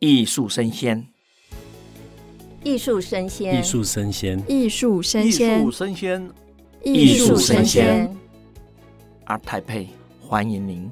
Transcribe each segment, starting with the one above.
藝術聲鮮，藝術聲鮮，藝術聲鮮，藝術聲鮮，聲鮮，藝術聲鮮。ART TAIPEI，歡迎您。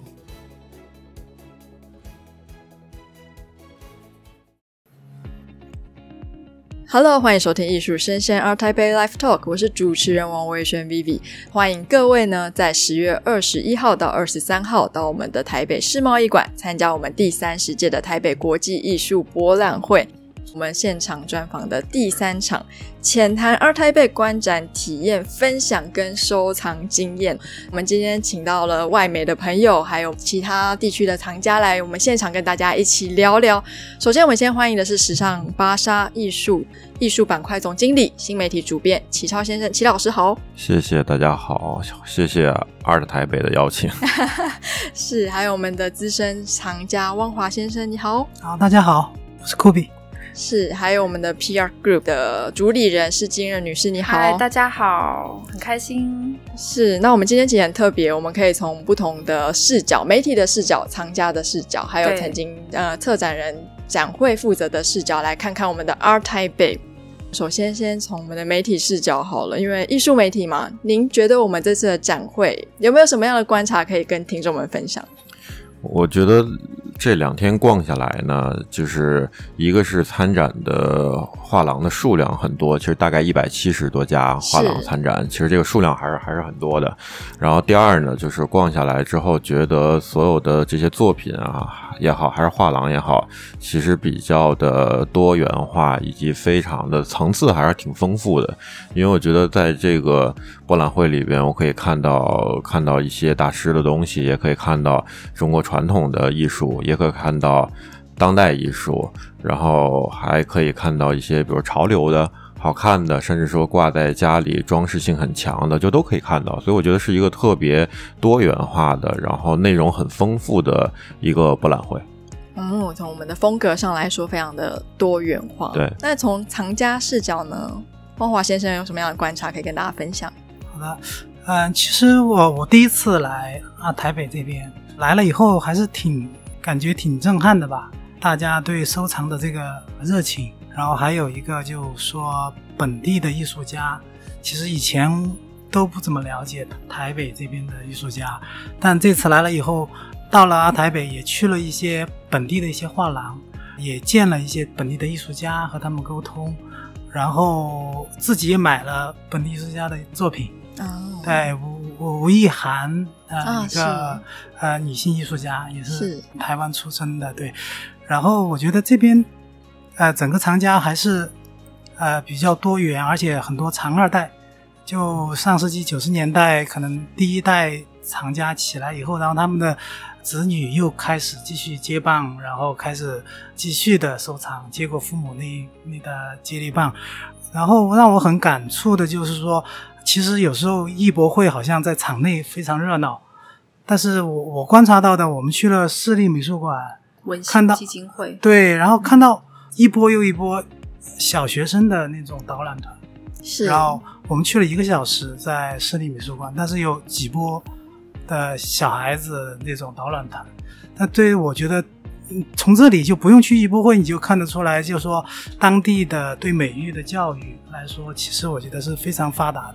哈囉，Hello，歡迎收聽藝術聲鮮 ART TAIPEI Live Talk，我是主持人王維軒 Vivi，歡迎各位呢在十月二十一號到二十三號到我們的台北世貿一館參加我們第三十屆的台北國際藝術博覽會。我們現場專訪的第三場，淺談 ART TAIPEI 觀展體驗分享跟收藏經驗。我們今天請到了外媒的朋友，還有其他地區的藏家來，我們現場跟大家一起聊聊。首先，我們先歡迎的是時尚芭莎藝術藝術板塊總經理、新媒體主編齊超先生，齊老師好。謝謝大家好，謝謝 ART TAIPEI 的邀請。 是，還有我們的資深藏家汪華先生，你好。好，大家好，我是 Kobi。是，還有我們的 P.art Group 的主理人是金樂女士，你好，Hi, 大家好，很開心。是，那我們今天節目很特別，我們可以從不同的視角，媒體的視角、藏家的視角，還有曾經對呃，策展人、展會負責的視角，來看看我們的 Art Taipei。首先，先從我們的媒體視角好了，因為藝術媒體嘛，您覺得我們這次的展會有沒有什麼樣的觀察可以跟聽眾們分享？我覺得。這兩天逛下來呢，就是一個是參展的畫廊的數量很多，其實大概一百七十多家畫廊參展，是其實這個數量還是還是很多的。然後第二呢，就是逛下來之後，覺得所有的這些作品啊也好，還是畫廊也好，其實比較的多元化，以及非常的層次還是挺豐富的。因為我覺得在這個博覽會裡邊，我可以看到看到一些大師的東西，也可以看到中國傳統的藝術。也可以看到當代藝術，然後還可以看到一些比如潮流的、好看的，甚至說掛在家裡裝飾性很強的，就都可以看到。所以我覺得是一個特別多元化的，然後內容很豐富的一個博覽會。嗯，從我們的風格上來說，非常的多元化。對。那從藏家視角呢，汪華先生有什麼樣的觀察可以跟大家分享？好的，嗯、呃，其實我我第一次來啊台北這邊，來了以後還是挺。感覺挺震撼的吧？大家對收藏的這個熱情，然後還有一個就說本地的藝術家，其實以前都不怎麼了解台北這邊的藝術家，但這次來了以後，到了台北也去了一些本地的一些畫廊，也見了一些本地的藝術家，和他們溝通，然後自己也買了本地藝術家的作品，哦。帶吳吳亦涵、呃、啊，一個是呃女性藝術家，也是台灣出生的，是對。然後我覺得這邊呃整個藏家還是呃比較多元，而且很多藏二代，就上世紀九十年代可能第一代藏家起來以後，然後他們的子女又開始繼續接棒，然後開始繼續的收藏，接過父母那那的接力棒。然後讓我很感觸的就是說。其實有時候藝博會好像在場內非常熱鬧，但是我我觀察到的，我們去了市立美術館，看到基金會，對，然後看到一波又一波小學生的那種導覽團，是，然後我們去了一個小時在市立美術館，但是有幾波的小孩子那種導覽團，那對於我覺得。從這裡就不用去藝博會，你就看得出來，就是說當地的對美育的教育來說，其實我覺得是非常發達的，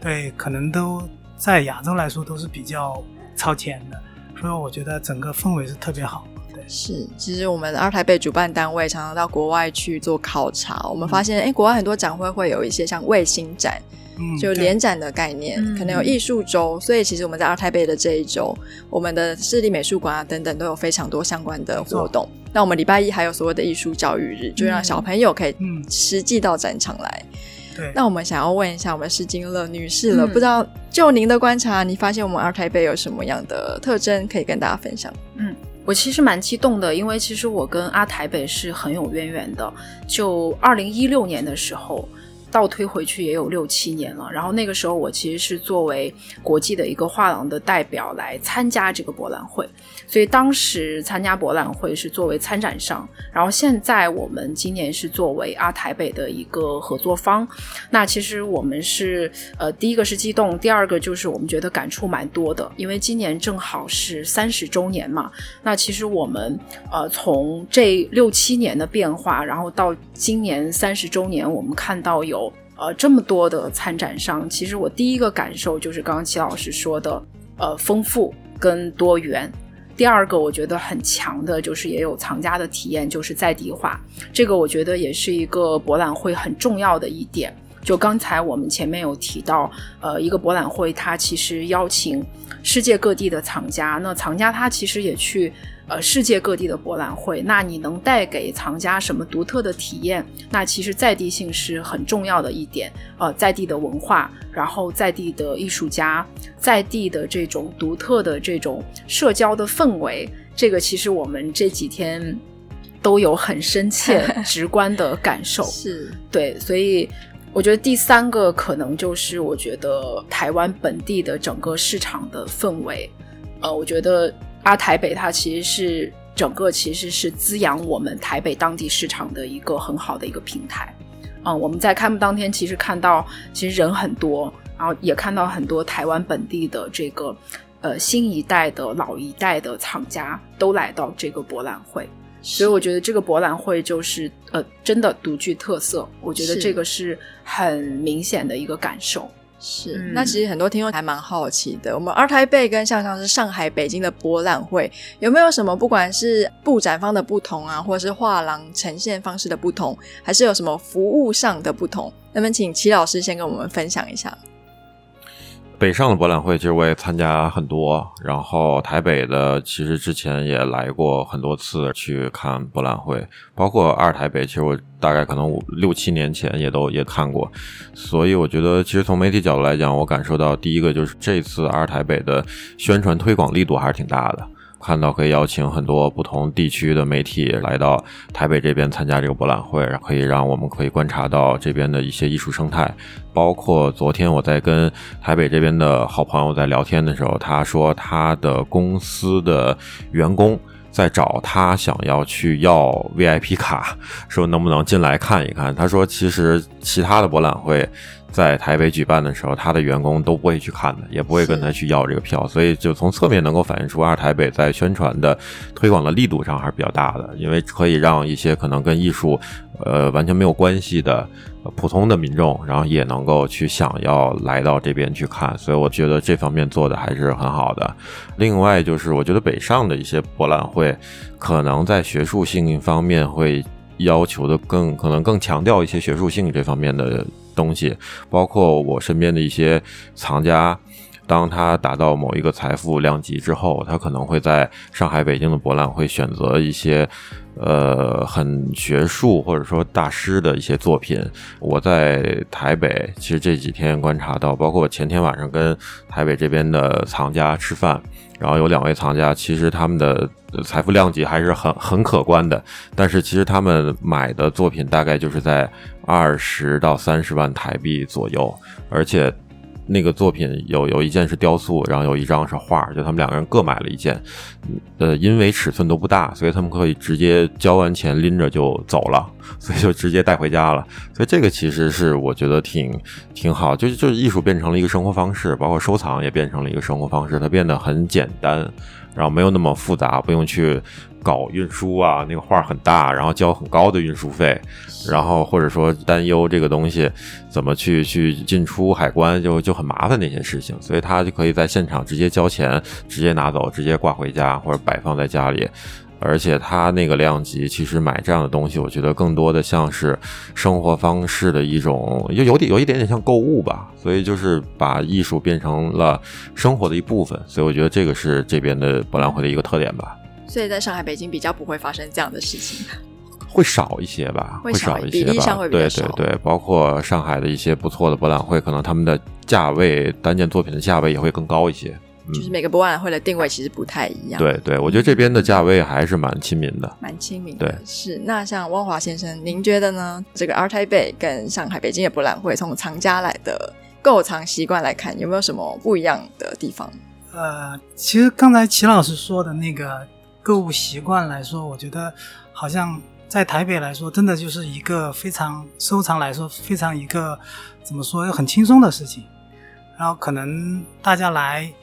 對，可能都在亞洲來說都是比較超前的，所以我覺得整個氛圍是特別好，對。是，其實我們 ART TAIPEI 主辦單位常常到國外去做考察，我們發現，嗯、誒，國外很多展會會有一些像衛星展。就聯展的概念，嗯、可能有藝術周，嗯、所以其實我們在 ART TAIPEI 的這一周，我們的市立美術館啊等等都有非常多相關的活動。沒錯。那我們禮拜一還有所謂的藝術教育日，嗯、就讓小朋友可以實際到展場來。對、嗯，那我們想要問一下我們施金樂女士了，嗯、不知道就您的觀察，你發現我們 ART TAIPEI 有什麼樣的特徵可以跟大家分享？嗯，我其實蠻激動的，因為其實我跟 ART TAIPEI 是很有淵源的。就二零一六年的時候。嗯倒推回去也有六七年了，然後那個時候我其實是作為國際的一個畫廊的代表來參加這個博覽會。所以當時參加博覽會是作為參展商，然後現在我們今年是作為 ART TAIPEI 的一個合作方。那其實我們是呃，第一個是激動，第二個就是我們覺得感觸蠻多的，因為今年正好是三十周年嘛。那其實我們呃，從這六七年的變化，然後到今年三十周年，我們看到有呃這麼多的參展商。其實我第一個感受就是剛剛齊老師說的，呃，豐富跟多元。第二個我覺得很強的就是也有藏家的體驗，就是在地化，這個我覺得也是一個博覽會很重要的一點。就剛才我們前面有提到，呃，一個博覽會它其實邀請世界各地的藏家，那藏家他其實也去。呃，世界各地的博覽會，那你能帶給藏家什麼獨特的體驗？那其實在地性是很重要的一點。呃，在地的文化，然後在地的藝術家，在地的這種獨特的這種社交的氛圍，這個其實我們這幾天都有很深切、直觀的感受。 是對，所以我覺得第三個可能就是，我覺得台灣本地的整個市場的氛圍，呃，我覺得。而、啊、台北，它其實是整個，其實是滋養我們台北當地市場的一個很好的一個平台，嗯，我們在開幕當天其實看到，其實人很多，然後也看到很多台灣本地的這個，呃，新一代的老一代的藏家都來到這個博覽會，是所以我覺得這個博覽會就是，呃，真的獨具特色，我覺得這個是很明顯的一個感受。是，那其實很多聽眾還蠻好奇的。嗯、我們二台北跟像像是上海、北京的博覽會，有沒有什麼不管是布展方的不同啊，或者是畫廊呈現方式的不同，還是有什麼服務上的不同？那麼，請齊老師先跟我們分享一下。北上的博覽會，其實我也參加很多，然後台北的其實之前也來過很多次去看博覽會，包括 ART TAIPEI，其實我大概可能五六七年前也都也看過，所以我覺得其實從媒體角度來講，我感受到第一個就是這次 ART TAIPEI 的宣傳推廣力度還是挺大的。看到可以邀請很多不同地區的媒體來到台北這邊參加這個博覽會，可以讓我們可以觀察到這邊的一些藝術生態。包括昨天我在跟台北這邊的好朋友在聊天的時候，他說他的公司的員工。在找他想要去要 VIP 卡，說能不能進來看一看。他說，其實其他的博覽會在台北舉辦的時候，他的員工都不會去看的，也不會跟他去要這個票。是所以就從側面能夠反映出 ART TAIPEI 在宣傳的推廣的力度上還是比較大的，因為可以讓一些可能跟藝術，呃，完全沒有關係的。普通的民眾，然後也能夠去想要來到這邊去看，所以我覺得這方面做得還是很好的。另外就是，我覺得北上的一些博覽會，可能在學術性方面會要求的更可能更強調一些學術性這方面的東西。包括我身邊的一些藏家，當他達到某一個財富量級之後，他可能會在上海、北京的博覽會選擇一些。呃，很學術或者說大師的一些作品。我在台北其實這幾天觀察到，包括前天晚上跟台北這邊的藏家吃飯，然後有兩位藏家，其實他們的財富量級還是很很可觀的，但是其實他們買的作品大概就是在二十到三十萬台幣左右，而且。那個作品有有一件是雕塑，然後有一張是畫，就他們兩個人各買了一件，呃，因為尺寸都不大，所以他們可以直接交完錢拎着就走了，所以就直接帶回家了。所以這個其實是我覺得挺挺好，就就是藝術變成了一個生活方式，包括收藏也變成了一個生活方式，它變得很簡單，然後沒有那麼複雜，不用去。搞運輸啊，那個畫很大，然後交很高的運輸費，然後或者說擔憂這個東西怎麼去去進出海關，就就很麻煩那些事情，所以他就可以在現場直接交錢，直接拿走，直接掛回家或者擺放在家裡。而且他那個量級，其實買這樣的東西，我覺得更多的像是生活方式的一種，就有點有一點點像購物吧。所以就是把藝術變成了生活的一部分。所以我覺得這個是這邊的博覽會的一個特點吧。所以，在上海、北京比較不會發生這樣的事情的，會少一些吧？會少，會少一些吧，比例上會比較少。對對對，包括上海的一些不錯的博覽會，可能他們的價位單件作品的價位也會更高一些。就是每個博覽會的定位其實不太一樣。嗯。對對，我覺得這邊的價位還是蠻親民的，嗯、蠻親民的。對，是。那像汪華先生，您覺得呢？這個 Art Taipei 跟上海、北京的博覽會，從藏家來的購藏習慣來看，有沒有什麼不一樣的地方？呃，其實剛才齊老師說的那個。購物習慣來說，我覺得好像在台北來說，真的就是一個非常收藏來說非常一個怎麼說又很輕鬆的事情。然後可能大家來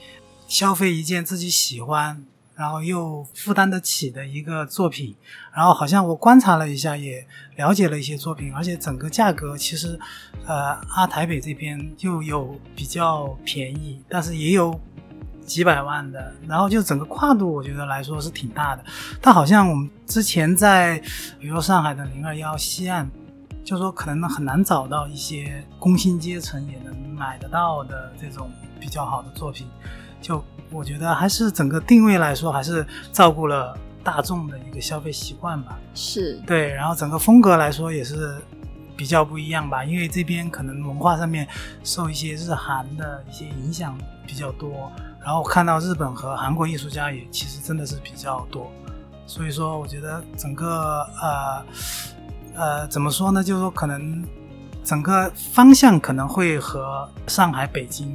消費一件自己喜歡，然後又負擔得起的一個作品。然後好像我觀察了一下，也了解了一些作品，而且整個價格其實，呃，啊台北這邊就有比較便宜，但是也有。幾百萬的，然後就整個跨度，我覺得來說是挺大的。但好像我們之前在，比如說上海的021西岸，就說可能很難找到一些工薪階層也能買得到的這種比較好的作品。就我覺得還是整個定位來說，還是照顧了大眾的一個消費習慣吧。是，對，然後整個風格來說也是比較不一樣吧，因為這邊可能文化上面受一些日韓的一些影響比較多。然後看到日本和韓國藝術家也其實真的是比較多，所以說我覺得整個呃呃怎麼說呢，就是說可能整個方向可能會和上海、北京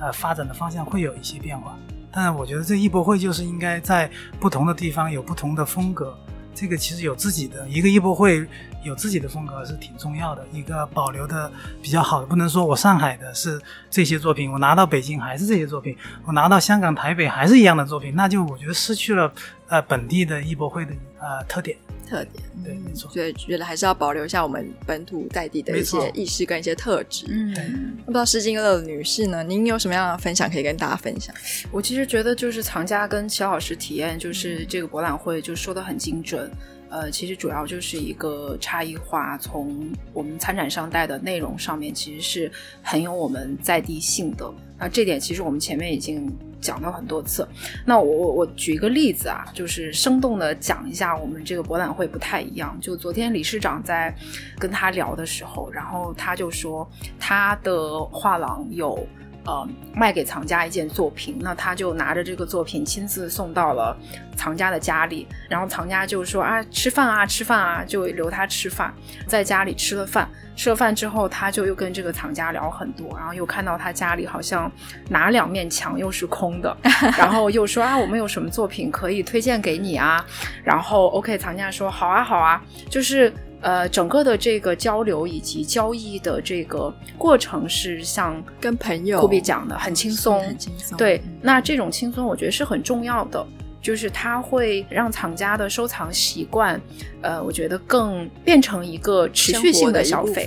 呃發展的方向會有一些變化，但是我覺得這藝博會就是應該在不同的地方有不同的風格，這個其實有自己的一個藝博會。有自己的風格是挺重要的，一個保留的比較好的，不能說我上海的是這些作品，我拿到北京還是這些作品，我拿到香港、台北還是一樣的作品，那就我覺得失去了呃本地的藝博會的呃特點。特點，對，沒錯。所以覺得還是要保留一下我們本土在地的一些意識跟一些特質。沒錯。嗯，對，嗯，不知道施金樂的女士呢，您有什麼樣的分享可以跟大家分享？嗯、我其實覺得就是藏家跟齊老師體驗，就是這個博覽會就說得很精準。嗯呃，其實主要就是一個差異化，從我們參展商帶的內容上面，其實是很有我們在地性的。那這點其實我們前面已經講了很多次。那我我我舉一個例子啊，就是生動的講一下我們這個博覽會不太一樣。就昨天理事長在跟他聊的時候，然後他就說他的畫廊有。呃，賣給藏家一件作品，那他就拿着這個作品親自送到了藏家的家裡，然後藏家就說啊，吃飯啊，吃飯啊，就留他吃飯，在家裡吃了飯，吃了飯之後，他就又跟這個藏家聊很多，然後又看到他家裡好像哪兩面牆又是空的，然後又說啊，我們有什麼作品可以推薦給你啊？然後 OK，藏家說好啊，好啊，就是。呃，整個的這個交流以及交易的這個過程是像跟朋友比講的很輕鬆，很輕鬆。輕鬆對，嗯，那這種輕鬆我覺得是很重要的，就是它會讓藏家的收藏習慣，呃，我覺得更變成一個持續性的消費，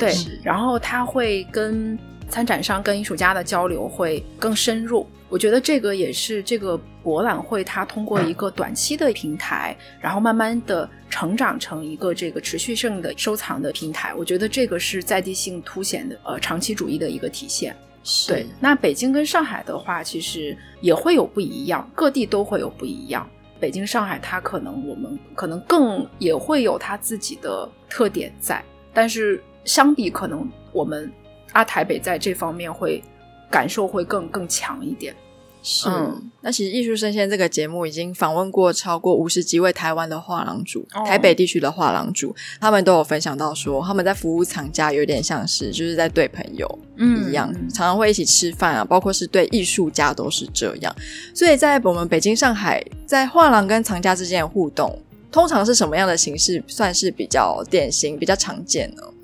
對，是然後他會跟。參展商跟藝術家的交流會更深入，我覺得這個也是這個博覽會它通過一個短期的平台，嗯、然後慢慢的成長成一個這個持續性的收藏的平台，我覺得這個是在地性凸顯的呃長期主義的一個體現。是對，那北京跟上海的話，其實也會有不一樣，各地都會有不一樣。北京、上海它可能我們可能更也會有它自己的特點在，但是相比可能我們。啊，台北在這方面會感受，會更更強一點，是、嗯。那其實《藝術聲鮮》這個節目已經訪問過超過五十幾位台灣的畫廊主，哦、台北地區的畫廊主，他們都有分享到說，他們在服務藏家有點像是就是在對朋友一樣，嗯、常常會一起吃飯啊，包括是對藝術家都是這樣。所以在我們北京、上海，在畫廊跟藏家之間的互動。通常是什麼樣的形式算是比較典型、比較常見的、哦？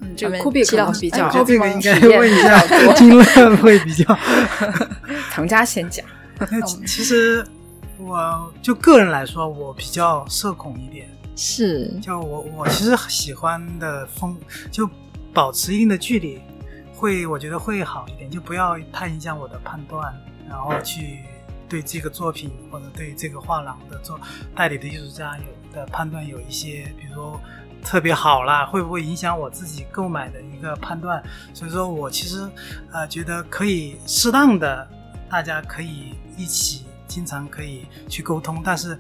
酷比老師比較，哎、這個應該問一下，體量驗會比較。唐家先講。 其實，我就個人來說，我比較社恐一點。是，就我我其實喜歡的風，就保持一定的距離，會我覺得會好一點，就不要太影響我的判斷，然後去對這個作品或者對這個畫廊的做代理的藝術家有。的判斷有一些，比如說特別好啦，會不會影響我自己購買的一個判斷？所以說，我其實呃覺得可以適當的，大家可以一起經常可以去溝通，但是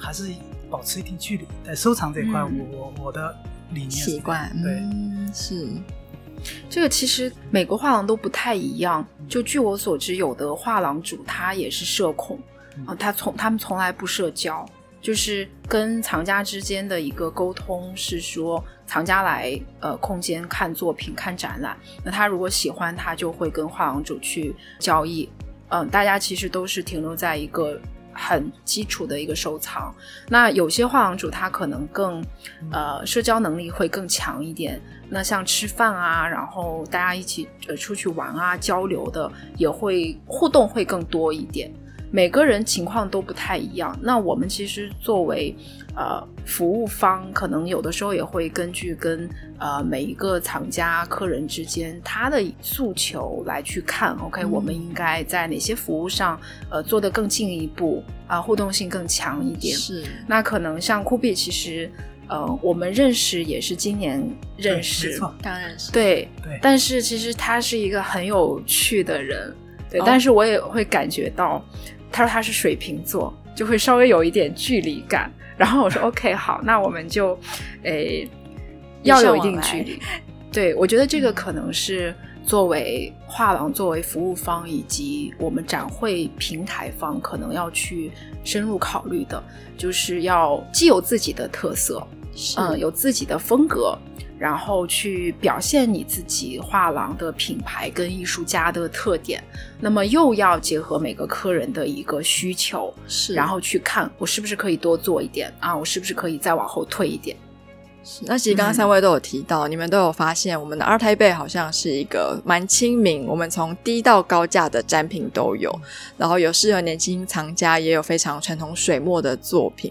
還是保持一定距離。在收藏這塊我，我我、嗯、我的理念習慣對、嗯、是這個，其實每個畫廊都不太一樣。嗯、就據我所知，有的畫廊主他也是社恐，啊、嗯，他從他們從來不社交。就是跟藏家之間的一個溝通是說，藏家來呃空間看作品、看展覽，那他如果喜歡，他就會跟畫廊主去交易。嗯，大家其實都是停留在一個很基礎的一個收藏。那有些畫廊主他可能更呃社交能力會更強一點，那像吃飯啊，然後大家一起呃出去玩啊交流，的也會互動會更多一點。每個人情況都不太一樣，那我們其實作為呃服務方，可能有的時候也會根據跟呃每一個廠家客人之間他的訴求來去看，OK，嗯，我們應該在哪些服務上呃做得更進一步啊，呃，互動性更強一點。是。那可能像酷比，其實呃我們認識也是今年認識，沒錯，對對。但是其實他是一個很有趣的人，對，哦，但是我也會感覺到。他說他是水瓶座，就會稍微有一點距離感。然後我說 OK，好，那我們就，誒、哎，要有一定距離。 對，我覺得這個可能是作為畫廊、作為服務方以及我們展會平台方，可能要去深入考慮的，就是要既有自己的特色，是嗯，有自己的風格。然後去表現你自己畫廊的品牌跟藝術家的特點，那麼又要結合每個客人的一個需求，是，然後去看我是不是可以多做一點啊，我是不是可以再往後退一點。那其實剛剛三位都有提到，嗯、你們都有發現，我們的 ART TAIPEI 好像是一個蠻親民，我們從低到高價的展品都有，然後有適合年輕藏家，也有非常傳統水墨的作品。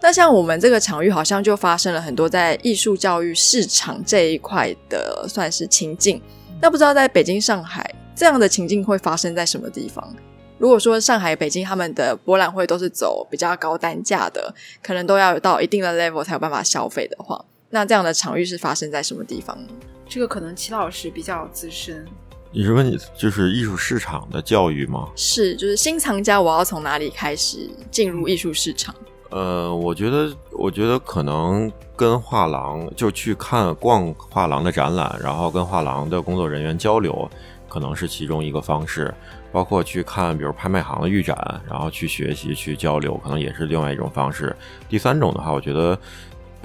那像我們這個場域，好像就發生了很多在藝術教育市場這一塊的算是情境。那不知道在北京、上海這樣的情境會發生在什麼地方？如果說上海、北京他們的博覽會都是走比較高單價的，可能都要有到一定的 level 才有辦法消費的話。那這樣的場域是發生在什麼地方呢？這個可能齊老師比較資深。你是問你就是藝術市場的教育嗎？是，就是新藏家，我要從哪裡開始進入藝術市場？嗯。呃，我覺得，我覺得可能跟畫廊就去看逛畫廊的展覽，然後跟畫廊的工作人員交流，可能是其中一個方式。包括去看比如拍賣行的預展，然後去學習去交流，可能也是另外一種方式。第三種的話，我覺得。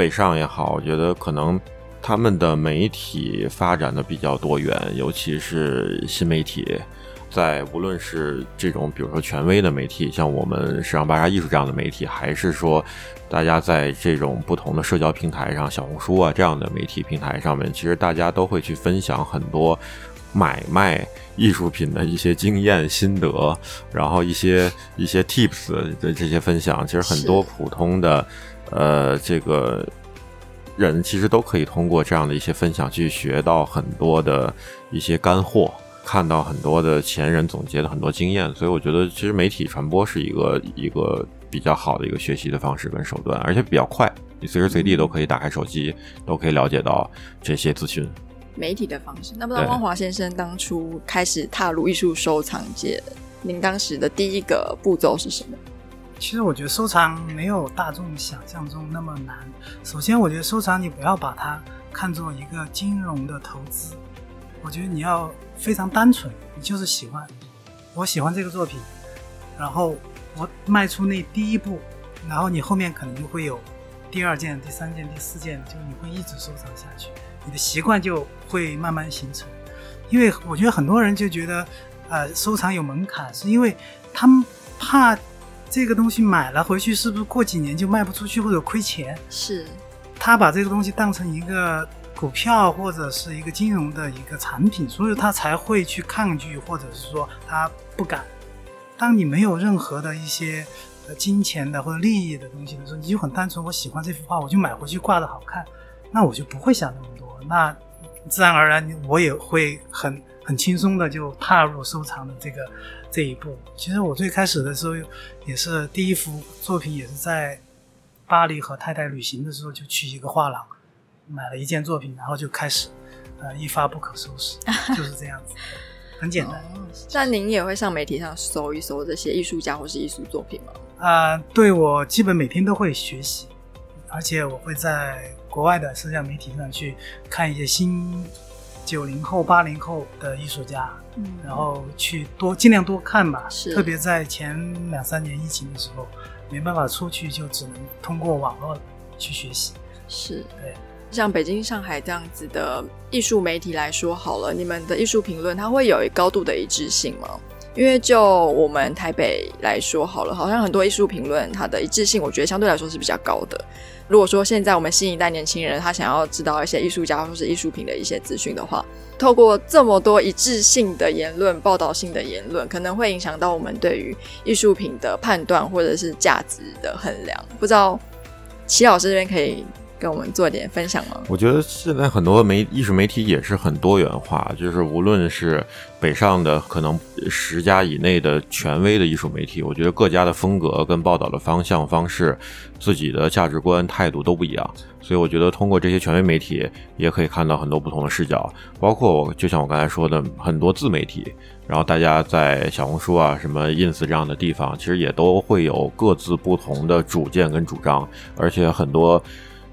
北上也好，我覺得可能他們的媒體發展的比較多元，尤其是新媒體，在無論是這種比如說權威的媒體，像我們時尚芭莎藝術這樣的媒體，還是說大家在這種不同的社交平台上，小紅書啊這樣的媒體平台上面，其實大家都會去分享很多買賣藝術品的一些經驗心得，然後一些一些 tips 的這些分享，其實很多普通的。呃，這個人其實都可以通過這樣的一些分享去學到很多的一些乾貨，看到很多的前人總結的很多經驗。所以我覺得，其實媒體傳播是一個一個比較好的一個學習的方式跟手段，而且比較快，嗯、你隨時隨地都可以打開手機，都可以了解到這些資訊。媒體的方式。那不知道汪華先生當初開始踏入藝術收藏界，對您當時的第一個步驟是什麼？其實我覺得收藏沒有大眾想象中那麼難。首先，我覺得收藏你不要把它看作一個金融的投資，我覺得你要非常單純，你就是喜歡。我喜歡這個作品，然後我邁出那第一步，然後你後面可能就會有第二件、第三件、第四件，就是你會一直收藏下去，你的習慣就會慢慢形成。因為我覺得很多人就覺得，呃，收藏有門檻，是因為他們怕。這個東西買了回去，是不是過幾年就賣不出去或者虧錢？是，他把這個東西當成一個股票或者是一個金融的一個產品，所以他才會去抗拒，或者是說他不敢。當你沒有任何的一些呃金錢的或者利益的東西的時候，你就很單純，我喜歡這幅畫，我就買回去掛得好看，那我就不會想那麼多，那自然而然我也會很。很輕鬆的就踏入收藏的這個這一步。其實我最開始的時候，也是第一幅作品也是在巴黎和太太旅行的時候，就去一個畫廊買了一件作品，然後就開始呃一發不可收拾， 就是這樣子，很簡單。那、哦、您也會上媒體上搜一搜這些藝術家或是藝術作品嗎？啊、呃，對，我基本每天都會學習，而且我會在國外的社交媒體上去看一些新。九零後、八零後的藝術家，嗯，然後去多盡量多看吧，是，特別在前兩三年疫情的時候，沒辦法出去，就只能通過網絡去學習。是，對，像北京、上海這樣子的藝術媒體來說，好了，你們的藝術評論它會有高度的一致性嗎？因為就我們台北來說好了，好像很多藝術評論，它的一致性，我覺得相對來說是比較高的。如果說現在我們新一代年輕人他想要知道一些藝術家或是藝術品的一些資訊的話，透過這麼多一致性的言論、報道性的言論，可能會影響到我們對於藝術品的判斷或者是價值的衡量。不知道齊老師這邊可以？給我們做點分享嗎？我覺得現在很多媒藝術媒體也是很多元化，就是無論是北上的可能十家以內的權威的藝術媒體，我覺得各家的風格跟報道的方向方式、自己的價值觀態度都不一樣，所以我覺得通過這些權威媒體也可以看到很多不同的視角，包括我就像我剛才說的很多自媒體，然後大家在小紅書啊、什麼 ins 這樣的地方，其實也都會有各自不同的主見跟主張，而且很多。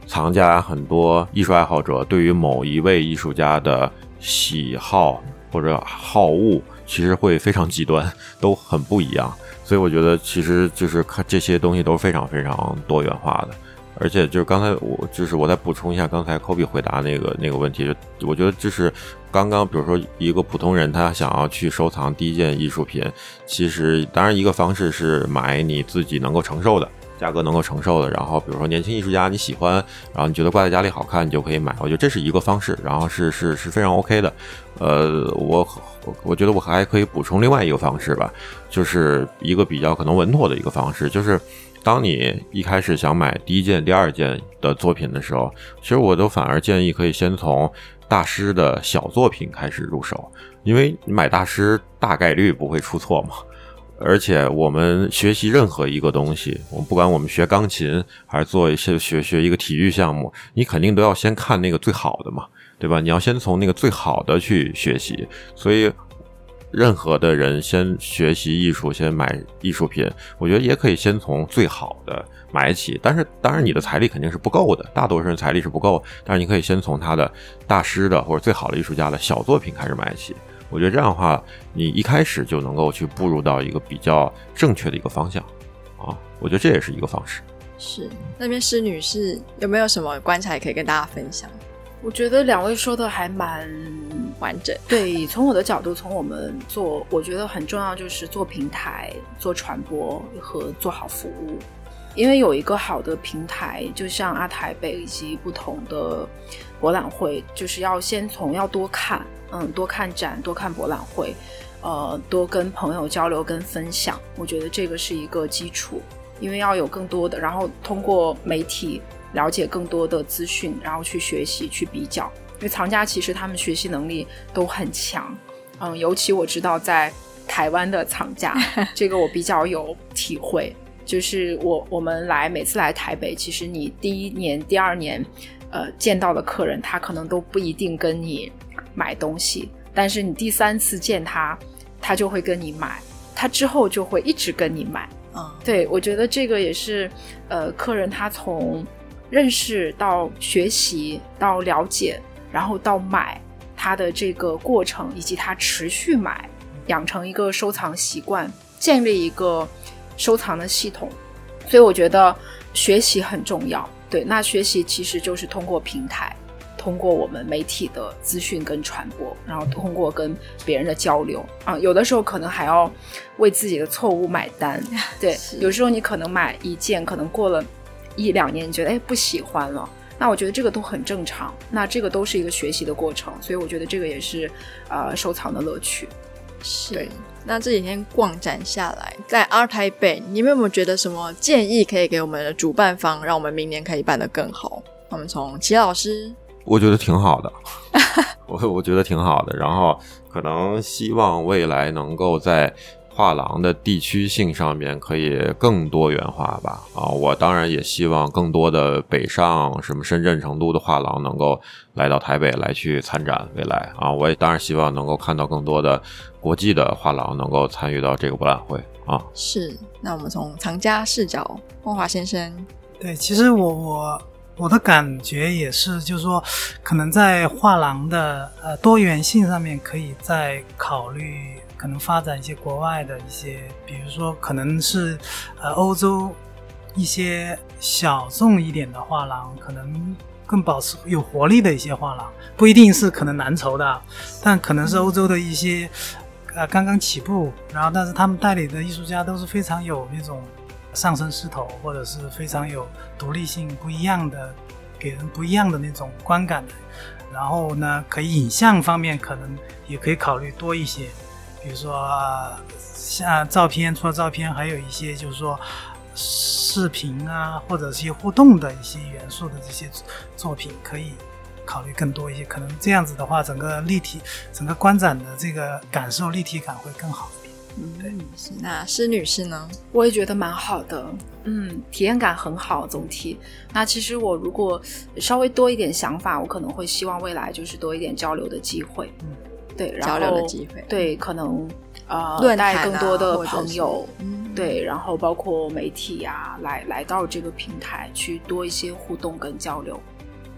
藏家很多，藝術愛好者對於某一位藝術家的喜好或者，好惡，其實會非常極端，都很不一樣。所以我覺得，其實就是看這些東西都是非常非常多元化的。而且就是剛才我就是我再補充一下，剛才 Kobe 回答那個那個問題，就我覺得就是剛剛，比如說一個普通人他想要去收藏第一件藝術品，其實當然一個方式是買你自己能夠承受的。價格能夠承受的，然後比如說年輕藝術家你喜歡，然後你覺得掛在家裡好看，你就可以買。我覺得這是一個方式，然後是是是非常 OK 的。呃，我我覺得我還可以補充另外一個方式吧，就是一個比較可能穩妥的一個方式，就是當你一開始想買第一件、第二件的作品的時候，其實我都反而建議可以先從大師的小作品開始入手，因為買大師大概率不會出錯嘛。而且我們學習任何一個東西，我不管我們學鋼琴還是做一些學學一個體育項目，你肯定都要先看那個最好的嘛，對吧？你要先從那個最好的去學習。所以，任何的人先學習藝術，先買藝術品，我覺得也可以先從最好的買起。但是，當然你的財力肯定是不夠的，大多數人財力是不夠，但是你可以先從他的大師的或者最好的藝術家的小作品開始買起。我覺得這樣的話，你一開始就能夠去步入到一個比較正確的一個方向，啊，我覺得這也是一個方式。是，那邊施女士，有沒有什麼觀察可以跟大家分享？我覺得兩位說的還蠻完整。對，從我的角度，從我們做，我覺得很重要就是做平台、做傳播和做好服務，因為有一個好的平台，就像 ART TAIPEI 以及不同的博覽會，就是要先從要多看。嗯，多看展，多看博覽會，呃，多跟朋友交流跟分享，我覺得這個是一個基礎，因為要有更多的，然後通過媒體了解更多的資訊，然後去學習去比較。因為藏家其實他們學習能力都很強，嗯，尤其我知道在台灣的藏家，這個我比較有體會， 就是我我們來每次來台北，其實你第一年、第二年，呃，見到的客人，他可能都不一定跟你，買東西，但是你第三次見他，他就會跟你買，他之後就會一直跟你買。嗯，對，我覺得這個也是，呃，客人他從認識到學習到了解，然後到買他的這個過程，以及他持續買，養成一個收藏習慣，建立一個收藏的系統。所以我覺得學習很重要，對，那學習其實就是通過平台。通過我們媒體的資訊跟傳播，然後通過跟別人的交流啊、嗯，有的時候可能還要為自己的錯誤買單。啊、對，是有時候你可能買一件，可能過了一兩年，你覺得哎不喜歡了，那我覺得這個都很正常。那這個都是一個學習的過程，所以我覺得這個也是呃收藏的樂趣。是。對那這幾天逛展下來，在 ART TAIPEI，你們有沒有覺得什麼建議可以給我們的主辦方，讓我們明年可以辦得更好？我們從齊老師。我覺得挺好的， 我我覺得挺好的。然後可能希望未來能夠在畫廊的地區性上面可以更多元化吧。啊，我當然也希望更多的北上，什麼深圳、成都的畫廊能夠來到台北來去參展。未來啊，我也當然希望能夠看到更多的國際的畫廊能夠參與到這個博覽會啊。是，那我們從藏家視角，汪華先生，對，其實我我。我的感覺也是，就是說，可能在畫廊的呃多元性上面，可以再考慮可能發展一些國外的一些，比如說可能是呃歐洲一些小眾一點的畫廊，可能更保持有活力的一些畫廊，不一定是可能藍籌的，但可能是歐洲的一些呃剛剛起步，然後但是他們代理的藝術家都是非常有那種。上升勢頭或者是非常有獨立性、不一樣的、給人不一樣的那種觀感的。然後呢，可以影像方面可能也可以考慮多一些，比如說像照片，除了照片，還有一些就是說視頻啊，或者是一些互動的一些元素的這些作品，可以考慮更多一些。可能這樣子的話，整個立體、整個觀展的這個感受，立體感會更好。嗯，是，那施女士呢，我也覺得蠻好的，嗯，體驗感很好，總體。那其實我如果稍微多一點想法，我可能會希望未來就是多一點交流的機會，嗯，對，然後交流的機會，對，可能、嗯、呃，帶更多的朋友，就是、對，嗯、然後包括媒體啊，來來到這個平台去多一些互動跟交流。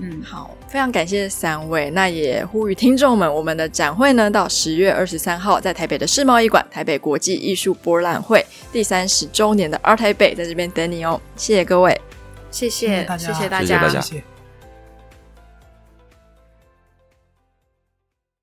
嗯，好，非常感謝三位。那也呼籲聽眾們，我們的展會呢，到十月二十三號在台北的世貿一館，台北國際藝術博覽會第三十週年的 ART TAIPEI，在這邊等你哦。謝謝各位，謝謝謝謝大家，謝謝大家。謝謝。